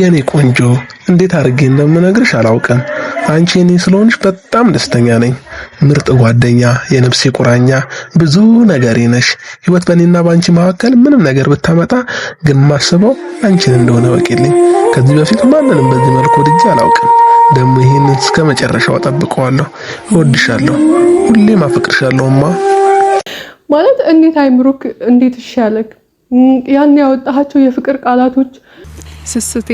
የኔ ቆንጆ እንዴት አድርጌ እንደምነግርሽ አላውቅም። አንቺ የኔ ስለሆንሽ በጣም ደስተኛ ነኝ። ምርጥ ጓደኛ፣ የነፍሴ ቁራኛ፣ ብዙ ነገሬ ነሽ። ህይወት በእኔና በአንቺ መካከል ምንም ነገር ብታመጣ ግን ማስበው አንቺን እንደሆነ ወቂልኝ። ከዚህ በፊት ማንንም በዚህ መልኩ ወድጄ አላውቅም። ደግሞ ይህንን እስከ መጨረሻው ጠብቀዋለሁ። እወድሻለሁ፣ ሁሌም አፈቅርሻለሁማ። ማለት እንዴት አይምሩክ፣ እንዴት ይሻለክ ያን ያወጣቸው የፍቅር ቃላቶች ስስቴ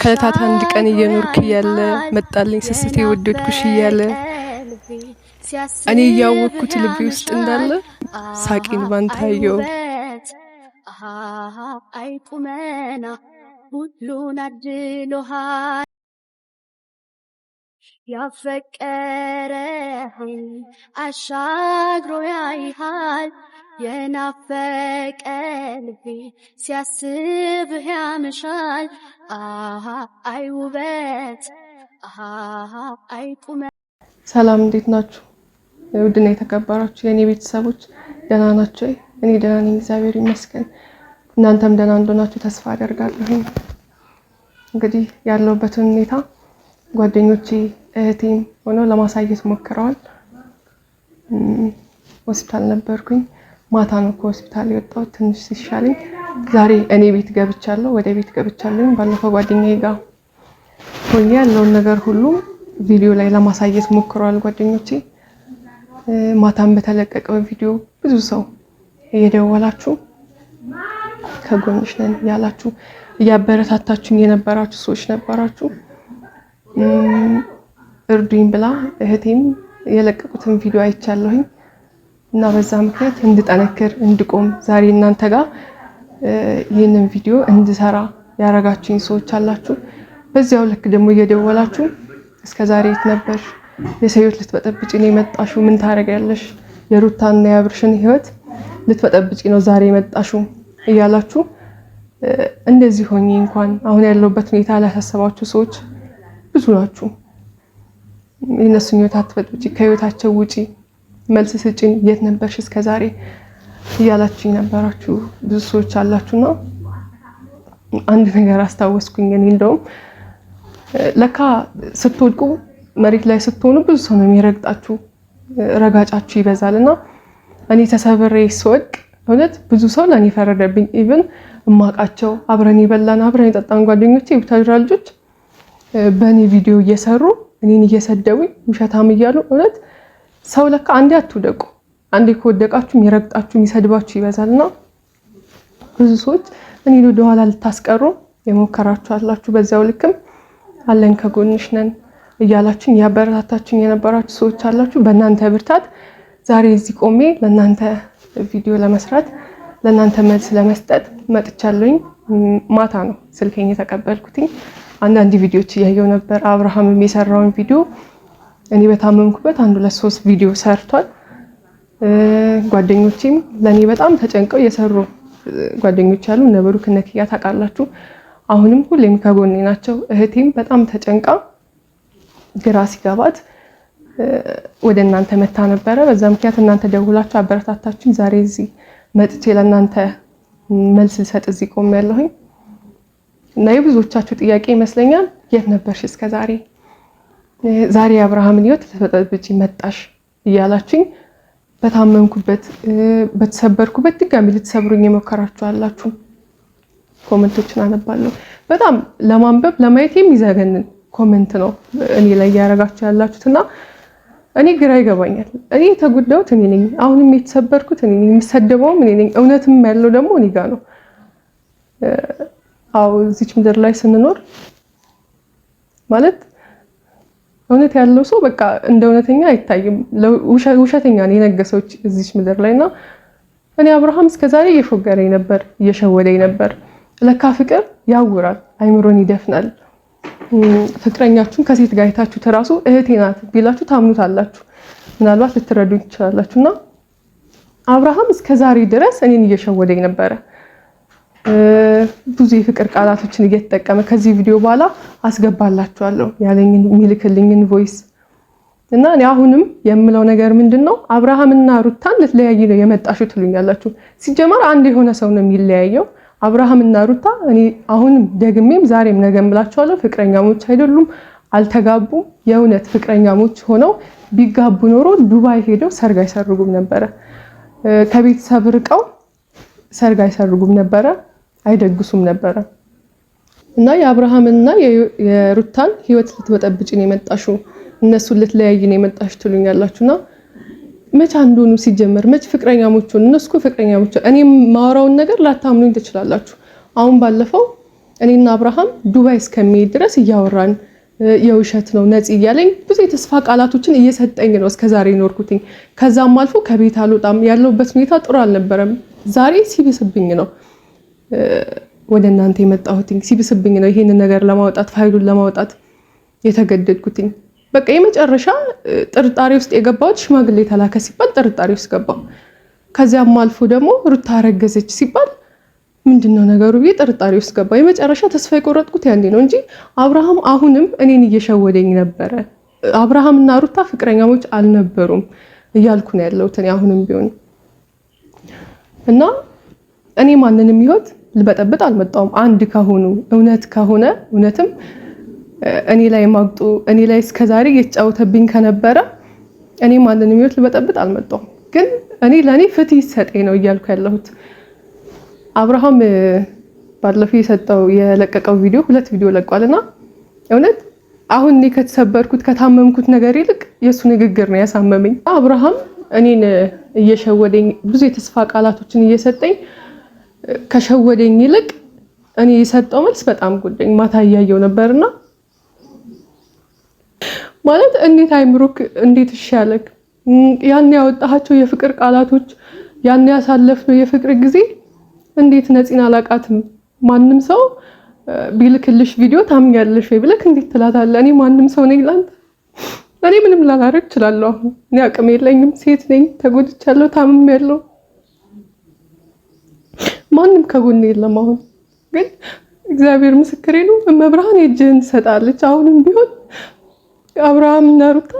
ከለታት አንድ ቀን እየኖርክ እያለ መጣልኝ ስስቴ ወደድኩሽ እያለ እኔ እያወቅኩት ልቤ ውስጥ እንዳለ ሳቂን ባንታየው አይቁመና ሁሉን አድሎሃል ያፈቀረህን አሻግሮ ያይሃል የናፈቀ ልቤ ሲያስብህ አሃ አይ ውበት፣ አሃ ሰላም እንዴት ናችሁ? ውድና የተከበራችሁ የእኔ ቤተሰቦች ደህና ናቸው? እኔ ደህና ነኝ፣ እግዚአብሔር ይመስገን። እናንተም ደህና እንደሆናችሁ ተስፋ አደርጋለሁ። እንግዲህ ያለሁበትን ሁኔታ ጓደኞቼ እህቴም ሆነው ለማሳየት ሞክረዋል። ሆስፒታል ነበርኩኝ። ማታ ነው ከሆስፒታል የወጣው ትንሽ ሲሻለኝ ዛሬ እኔ ቤት ገብቻለሁ፣ ወደ ቤት ገብቻለሁ። ባለፈው ጓደኛዬ ጋር ሆኜ ያለውን ነገር ሁሉ ቪዲዮ ላይ ለማሳየት ሞክረዋል ጓደኞቼ። ማታም በተለቀቀ ቪዲዮ ብዙ ሰው እየደወላችሁ ከጎንሽ ነን እያላችሁ እያበረታታችሁኝ የነበራችሁ ሰዎች ነበራችሁ። እርዱኝ ብላ እህቴም የለቀቁትን ቪዲዮ አይቻለሁኝ። እና በዛ ምክንያት እንድጠነክር እንድቆም ዛሬ እናንተ ጋር ይህንን ቪዲዮ እንድሰራ ያረጋችሁኝ ሰዎች አላችሁ። በዚያው ልክ ደግሞ እየደወላችሁ እስከ ዛሬ የት ነበር? የሰዮት ልትበጠብጭ ነው የመጣሹ? ምን ያለሽ? የሩታና የአብርሽን ህይወት ልትበጠብጭ ነው ዛሬ የመጣሹ እያላችሁ እንደዚህ ሆኜ እንኳን አሁን ያለሁበት ሁኔታ ላሳሰባችሁ ሰዎች ብዙ ናችሁ። የእነሱን ህይወት አትበጥብጭ፣ ከህይወታቸው ውጪ መልስ ስጭኝ፣ የት ነበርሽ እስከዛሬ እያላችሁ ነበራችሁ ብዙ ሰዎች አላችሁና አንድ ነገር አስታወስኩኝ። እኔ እንደውም ለካ ስትወድቁ መሬት ላይ ስትሆኑ ብዙ ሰው ነው የሚረግጣችሁ፣ ረጋጫችሁ ይበዛል እና እኔ ተሰብሬ ስወድቅ እውነት ብዙ ሰው ለእኔ ፈረደብኝ። ኢቭን እማቃቸው አብረን የበላን አብረን የጠጣን ጓደኞቼ የቡታጅራ ልጆች በእኔ ቪዲዮ እየሰሩ እኔን እየሰደቡኝ ውሸታም እያሉ እውነት ሰው ለካ አንዴ አትውደቁ፣ አንዴ ከወደቃችሁ የሚረግጣችሁ የሚሰድባችሁ ይበዛልና ብዙ ሰዎች እኔን ወደኋላ ልታስቀሩ የሞከራችሁ አላችሁ። በዚያው ልክም አለን ከጎንሽ ነን እያላችሁን ያበረታታችሁን የነበራችሁ ሰዎች አላችሁ። በእናንተ ብርታት ዛሬ እዚህ ቆሜ ለእናንተ ቪዲዮ ለመስራት ለእናንተ መልስ ለመስጠት መጥቻለሁኝ። ማታ ነው ስልከኝ የተቀበልኩትኝ። አንዳንድ ቪዲዮዎች እያየው ነበር። አብርሃም የሰራውን ቪዲዮ እኔ በታመምኩበት አንድ ሁለት ሶስት ቪዲዮ ሰርቷል። ጓደኞቼም ለኔ በጣም ተጨንቀው የሰሩ ጓደኞች አሉ። እነ ብሩክ እነ ኪያ ታውቃላችሁ። አሁንም ሁሌም ከጎኔ ናቸው። እህቴም በጣም ተጨንቃ ግራ ሲገባት ወደ እናንተ መታ ነበረ። በዛ ምክንያት እናንተ ደውላችሁ አበረታታችሁ ዛሬ እዚህ መጥቼ ለእናንተ መልስ ልሰጥ እዚህ ቆም ያለሁኝ እና የብዙዎቻችሁ ጥያቄ ይመስለኛል የት ነበርሽ እስከዛሬ ዛሬ የአብርሃምን ህይወት ልትበጠብጪ መጣሽ እያላችኝ በታመምኩበት በተሰበርኩበት ድጋሚ ልትሰብሩኝ የሞከራችሁ አላችሁ። ኮመንቶችን አነባለሁ። በጣም ለማንበብ ለማየት የሚዘገንን ኮመንት ነው እኔ ላይ እያደረጋችሁ ያላችሁት እና እኔ ግራ ይገባኛል። እኔ የተጎዳሁት እኔ ነኝ። አሁንም የተሰበርኩት እኔ ነኝ። የምሰደበውም እኔ ነኝ። እውነትም ያለው ደግሞ እኔ ጋ ነው። አዎ እዚች ምድር ላይ ስንኖር ማለት እውነት ያለው ሰው በቃ እንደ እውነተኛ አይታይም። ውሸተኛ ነው የነገሰው እዚች ምድር ላይ እና እኔ አብርሃም እስከዛሬ እየሾገረ ነበር፣ እየሸወደኝ ነበር። ለካ ፍቅር ያውራል፣ አይምሮን ይደፍናል። ፍቅረኛችሁን ከሴት ጋር አይታችሁ ተራሱ እህቴ ናት ቢላችሁ ታምኑት አላችሁ፣ ምናልባት ልትረዱ ትችላላችሁ። እና አብርሃም እስከዛሬ ድረስ እኔን እየሸወደኝ ነበረ ብዙ የፍቅር ቃላቶችን እየተጠቀመ ከዚህ ቪዲዮ በኋላ አስገባላችኋለሁ ያለኝን የሚልክልኝን ቮይስ እና እኔ አሁንም የምለው ነገር ምንድን ነው አብርሃምና ሩታን ልትለያይ ነው የመጣሹ ትሉኛላችሁ። ሲጀመር አንድ የሆነ ሰው ነው የሚለያየው። አብርሃምና ሩታ እኔ አሁንም ደግሜም ዛሬም ነገ እምላችኋለሁ ፍቅረኛሞች አይደሉም፣ አልተጋቡም። የእውነት ፍቅረኛሞች ሆነው ቢጋቡ ኖሮ ዱባይ ሄደው ሰርግ አይሰርጉም ነበረ። ከቤተሰብ ርቀው ሰርግ አይሰርጉም ነበረ፣ አይደግሱም ነበረ። እና የአብርሃምና የሩታን ህይወት ልትበጠብጭን የመጣሹ እነሱን ልትለያይን የመጣሽ ትሉኛላችሁና መች አንዱኑ ሲጀመር መች ፍቅረኛሞቹን እነሱ እኮ እኔ ማወራውን ነገር ላታምኑኝ ትችላላችሁ። አሁን ባለፈው እኔና አብርሃም ዱባይ እስከሚሄድ ድረስ እያወራን የውሸት ነው ነፂ እያለኝ ብዙ የተስፋ ቃላቶችን እየሰጠኝ ነው እስከዛሬ ኖርኩትኝ። ከዛም አልፎ ከቤት አልወጣም ያለውበት ሁኔታ ጥሩ አልነበረም። ዛሬ ሲብስብኝ ነው ወደ እናንተ የመጣሁትኝ ሲብስብኝ ነው ይሄንን ነገር ለማውጣት ፋይሉን ለማውጣት የተገደድኩትኝ። በቃ የመጨረሻ ጥርጣሬ ውስጥ የገባሁት ሽማግሌ ተላከ ሲባል ጥርጣሬ ውስጥ ገባሁ። ከዚያም አልፎ ደግሞ ሩታ አረገዘች ሲባል ምንድነው ነገሩ ብዬ ጥርጣሬ ውስጥ ገባ። የመጨረሻ ተስፋ የቆረጥኩት ያኔ ነው እንጂ አብርሃም አሁንም እኔን እየሸወደኝ ነበረ። አብርሃምና ሩታ ፍቅረኛሞች አልነበሩም እያልኩ ነው ያለሁት አሁንም ቢሆን እና እኔ ማንንም ይሆት ልበጠብጥ አልመጣውም። አንድ ከሆኑ እውነት ከሆነ እውነትም እኔ ላይ ማግጦ እኔ ላይ እስከዛሬ እየተጫወተብኝ ከነበረ እኔ ማለን የሚወት ልበጠብጥ አልመጣውም። ግን እኔ ለእኔ ፍትህ ይሰጠኝ ነው እያልኩ ያለሁት። አብርሃም ባለፈው የሰጠው የለቀቀው ቪዲዮ ሁለት ቪዲዮ ለቋልና እውነት አሁን እኔ ከተሰበርኩት ከታመምኩት ነገር ይልቅ የእሱ ንግግር ነው ያሳመመኝ። አብርሃም እኔን እየሸወደኝ ብዙ የተስፋ ቃላቶችን እየሰጠኝ ከሸወደኝ ይልቅ እኔ የሰጠው መልስ በጣም ጉዳኝ ማታ እያየው ነበርና ማለት እንዴት አይምሮክ እንዴት ይሻለክ ያን ያወጣቸው የፍቅር ቃላቶች ያን ያሳለፍነው የፍቅር ጊዜ እንዴት ነፂን አላቃትም ማንም ሰው ቢልክልሽ ቪዲዮ ታምኛለሽ ወይ ብለክ እንዴት ትላታለ? እኔ ማንም ሰው ነኝ ላንተ እኔ ምንም ላላረግ እችላለሁ አሁን እኔ አቅም የለኝም ሴት ነኝ ተጎድቻለሁ ያለው ከጎን የለም። አሁን ግን እግዚአብሔር ምስክሬ ነው፣ እመብርሃን የእጅህን ትሰጣለች። አሁንም ቢሆን አብርሃም እና ሩታ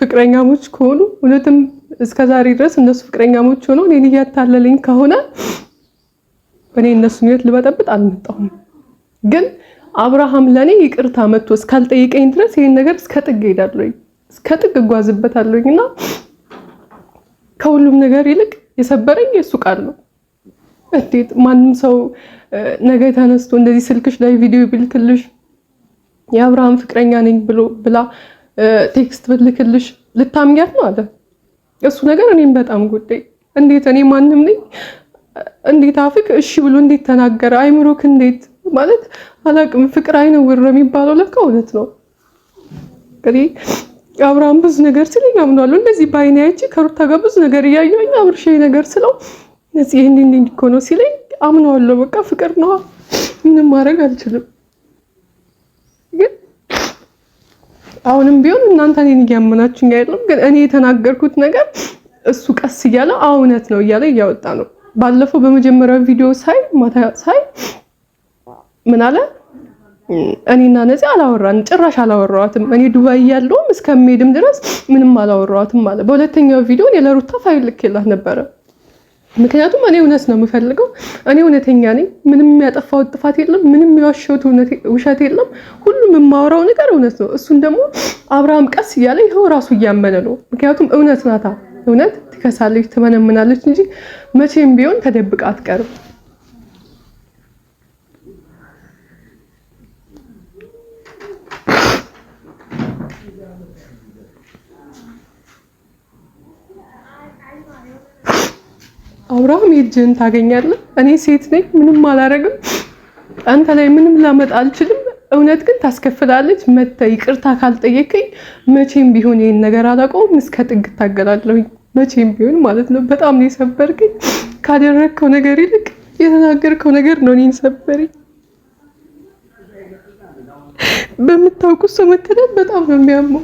ፍቅረኛሞች ከሆኑ እውነትም እስከ ዛሬ ድረስ እነሱ ፍቅረኛሞች ሆነው እኔን እያታለለኝ ከሆነ እኔ እነሱን ሕይወት ልበጠብጥ አልመጣሁም። ግን አብርሃም ለእኔ ይቅርታ መጥቶ እስካልጠይቀኝ ድረስ ይህን ነገር እስከ ጥግ ሄዳለኝ፣ እስከ ጥግ እጓዝበታለኝ እና ከሁሉም ነገር ይልቅ የሰበረኝ የእሱ ቃል ነው። እንዴት ማንም ሰው ነገ ተነስቶ እንደዚህ ስልክሽ ላይ ቪዲዮ ይብልክልሽ የአብርሃም ፍቅረኛ ነኝ ብሎ ብላ ቴክስት ብልክልሽ ልታምኛት ነው አለ። እሱ ነገር እኔም በጣም ጉዳይ እንዴት እኔ ማንም ነኝ እንዴት አፍክ እሺ ብሎ እንዴት ተናገረ? አይምሮክ እንዴት ማለት አላቅም። ፍቅር አይነውር የሚባለው። ለካ እውነት ነው። አብርሃም ብዙ ነገር ሲለኝ አምናለሁ። እንደዚህ በአይኔ አይቼ ከሩታ ጋር ብዙ ነገር እያየሁኝ አብርሽ ነገር ስለው ነፂ ይህን እንዲህ እኮ ነው ሲለኝ አምነዋለሁ። በቃ ፍቅር ነው፣ ምንም ማድረግ አልችልም። ግን አሁንም ቢሆን እናንተ እኔን እያመናችሁ አይደለም። ግን እኔ የተናገርኩት ነገር እሱ ቀስ እያለ እውነት ነው እያለ እያወጣ ነው። ባለፈው በመጀመሪያው ቪዲዮ ሳይ ማታ ሳይ ምን አለ እኔና ነፂ አላወራን፣ ጭራሽ አላወራዋትም። እኔ ዱባይ ያለውም እስከሚሄድም ድረስ ምንም አላወራዋትም አለ። በሁለተኛው ቪዲዮ እኔ ለሩታ ፋይል ልኬላት ነበረ ምክንያቱም እኔ እውነት ነው የምፈልገው። እኔ እውነተኛ ነኝ። ምንም ያጠፋሁት ጥፋት የለም። ምንም የዋሸሁት ውሸት የለም። ሁሉም የማወራው ነገር እውነት ነው። እሱን ደግሞ አብርሃም ቀስ እያለ ይኸው ራሱ እያመነ ነው። ምክንያቱም እውነት ናታ። እውነት ትከሳለች፣ ትመነምናለች እንጂ መቼም ቢሆን ተደብቃ አትቀርም። አብርሃም የእጅህን ታገኛለህ። እኔ ሴት ነኝ፣ ምንም አላረግም። አንተ ላይ ምንም ላመጣ አልችልም። እውነት ግን ታስከፍላለች። መተ ይቅርታ ካልጠየቀኝ መቼም ቢሆን ይህን ነገር አላቆም፣ እስከ ጥግ እታገላለሁኝ። መቼም ቢሆን ማለት ነው። በጣም ነው የሰበርከኝ። ካደረግከው ነገር ይልቅ የተናገርከው ነገር ነው እኔን ሰበረኝ። በምታውቁት ሰው መከዳት በጣም ነው የሚያመው።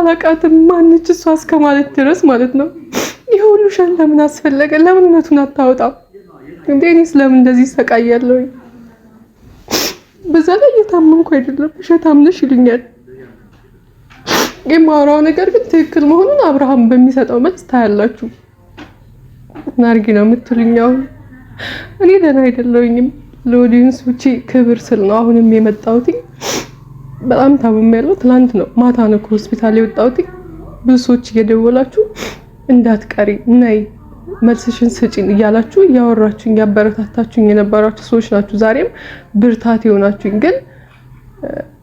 አላቃትም ማንች እሷ እስከ ማለት ድረስ ማለት ነው። ሁሉ ሸን ለምን አስፈለገ? ለምን እውነቱን አታወጣም እንዴ? እኔስ ለምን እንደዚህ ይሰቃያለሁ? በዛ ላይ እየታመምኩ አይደለም፣ ውሸታም ነሽ ይሉኛል። የማወራው ነገር ግን ትክክል መሆኑን አብርሃም በሚሰጠው መልስ ታያላችሁ። ናርጊ ነው የምትሉኛው። እኔ ደህና አይደለሁኝም። ለኦዲየንስ ውጪ ክብር ስል ነው አሁንም የመጣሁት። በጣም ያለው ትላንት ነው ማታ ነው ከሆስፒታል የወጣሁት። ብዙ ሰዎች እየደወላችሁ እንዳትቀሪ ነይ መልስሽን ስጪን እያላችሁ እያወራችሁኝ እያበረታታችሁኝ የነበራችሁ ሰዎች ናችሁ። ዛሬም ብርታት የሆናችሁኝ ግን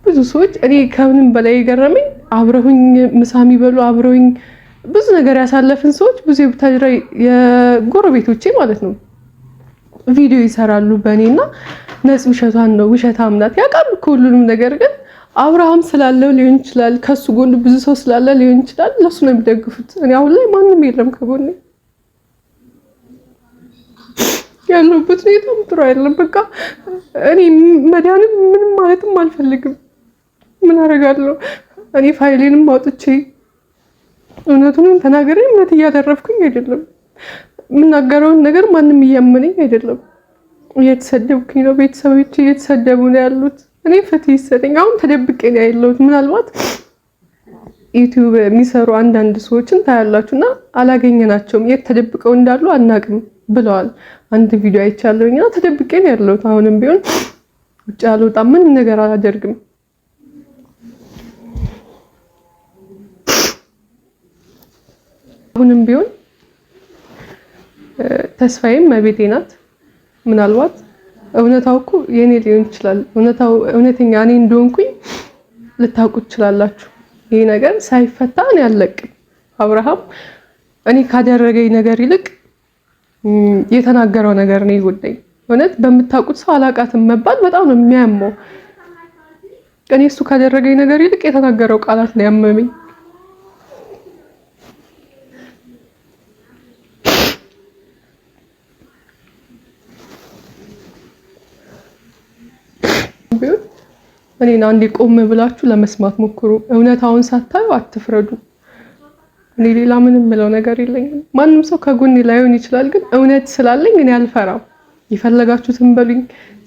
ብዙ ሰዎች እኔ ከምንም በላይ የገረመኝ አብረሁኝ ምሳ የሚበሉ አብረውኝ ብዙ ነገር ያሳለፍን ሰዎች ብዙ የቡታጅራ የጎረቤቶቼ ማለት ነው ቪዲዮ ይሰራሉ በእኔና ነጽ ውሸቷን ነው ውሸታም ናት ያውቃሉ ሁሉንም ነገር ግን አብርሃም ስላለው ሊሆን ይችላል፣ ከሱ ጎን ብዙ ሰው ስላለ ሊሆን ይችላል። ለሱ ነው የሚደግፉት። እኔ አሁን ላይ ማንም የለም ከጎኔ። ያለሁበት ሁኔታም ጥሩ አይደለም። በቃ እኔ መዳንም ምንም ማለትም አልፈልግም። ምን አደርጋለሁ እኔ ፋይሌንም አውጥቼ እውነቱንም ተናገሬ እምነት እያተረፍኩኝ አይደለም። የምናገረውን ነገር ማንም እያመነኝ አይደለም። እየተሰደብኩኝ ነው። ቤተሰቦች እየተሰደቡ ነው ያሉት። እኔ ፍትህ ይሰጠኝ። አሁን ተደብቄ ነው ያለሁት። ምናልባት ዩቲዩብ የሚሰሩ አንዳንድ ሰዎችን ታያላችሁና አላገኘናቸውም፣ የት ተደብቀው እንዳሉ አናቅም ብለዋል። አንድ ቪዲዮ አይቻለሁኝ እና ተደብቄ ነው ያለሁት። አሁንም ቢሆን ውጭ አልወጣም፣ ምንም ነገር አላደርግም። አሁንም ቢሆን ተስፋዬም መቤቴ ናት ምናልባት እውነታው እኮ የኔ ሊሆን ይችላል። እውነታው እውነተኛ እኔ እንደሆንኩኝ ልታውቁ ትችላላችሁ። ይሄ ነገር ሳይፈታ እኔ አልለቅም። አብርሃም እኔ ካደረገኝ ነገር ይልቅ የተናገረው ነገር ነው የጎዳኝ። እውነት በምታውቁት ሰው አላቃትም መባል በጣም ነው የሚያመው። እኔ እሱ ካደረገኝ ነገር ይልቅ የተናገረው ቃላት ነው ያመመኝ። እኔን አንዴ ቆም ብላችሁ ለመስማት ሞክሩ። እውነታውን ሳታዩ አትፍረዱ። እኔ ሌላ ምንም ምለው ነገር የለኝም። ማንም ሰው ከጎን ላይሆን ይችላል፣ ግን እውነት ስላለኝ እኔ አልፈራም። የፈለጋችሁትን በሉኝ፣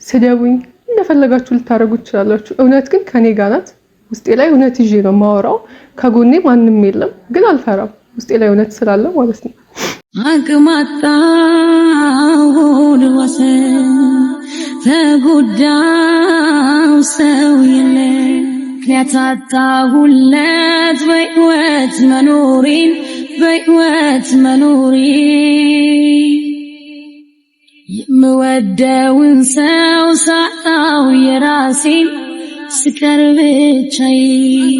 ስደቡኝ፣ እንደፈለጋችሁ ልታደርጉ ትችላላችሁ። እውነት ግን ከኔ ጋር ናት። ውስጤ ላይ እውነት ይዤ ነው የማወራው። ከጎኔ ማንም የለም፣ ግን አልፈራም። ውስጤ ላይ እውነት ስላለ ማለት ነው። አቅም አጣሁ ተጎዳው ሰው የለ ምክንያት አጣሁለት በሕይወት መኖሬን በሕይወት መኖሬን የምወደውን ሰው ሳጣው የራሴን ስቀር ብቻዬ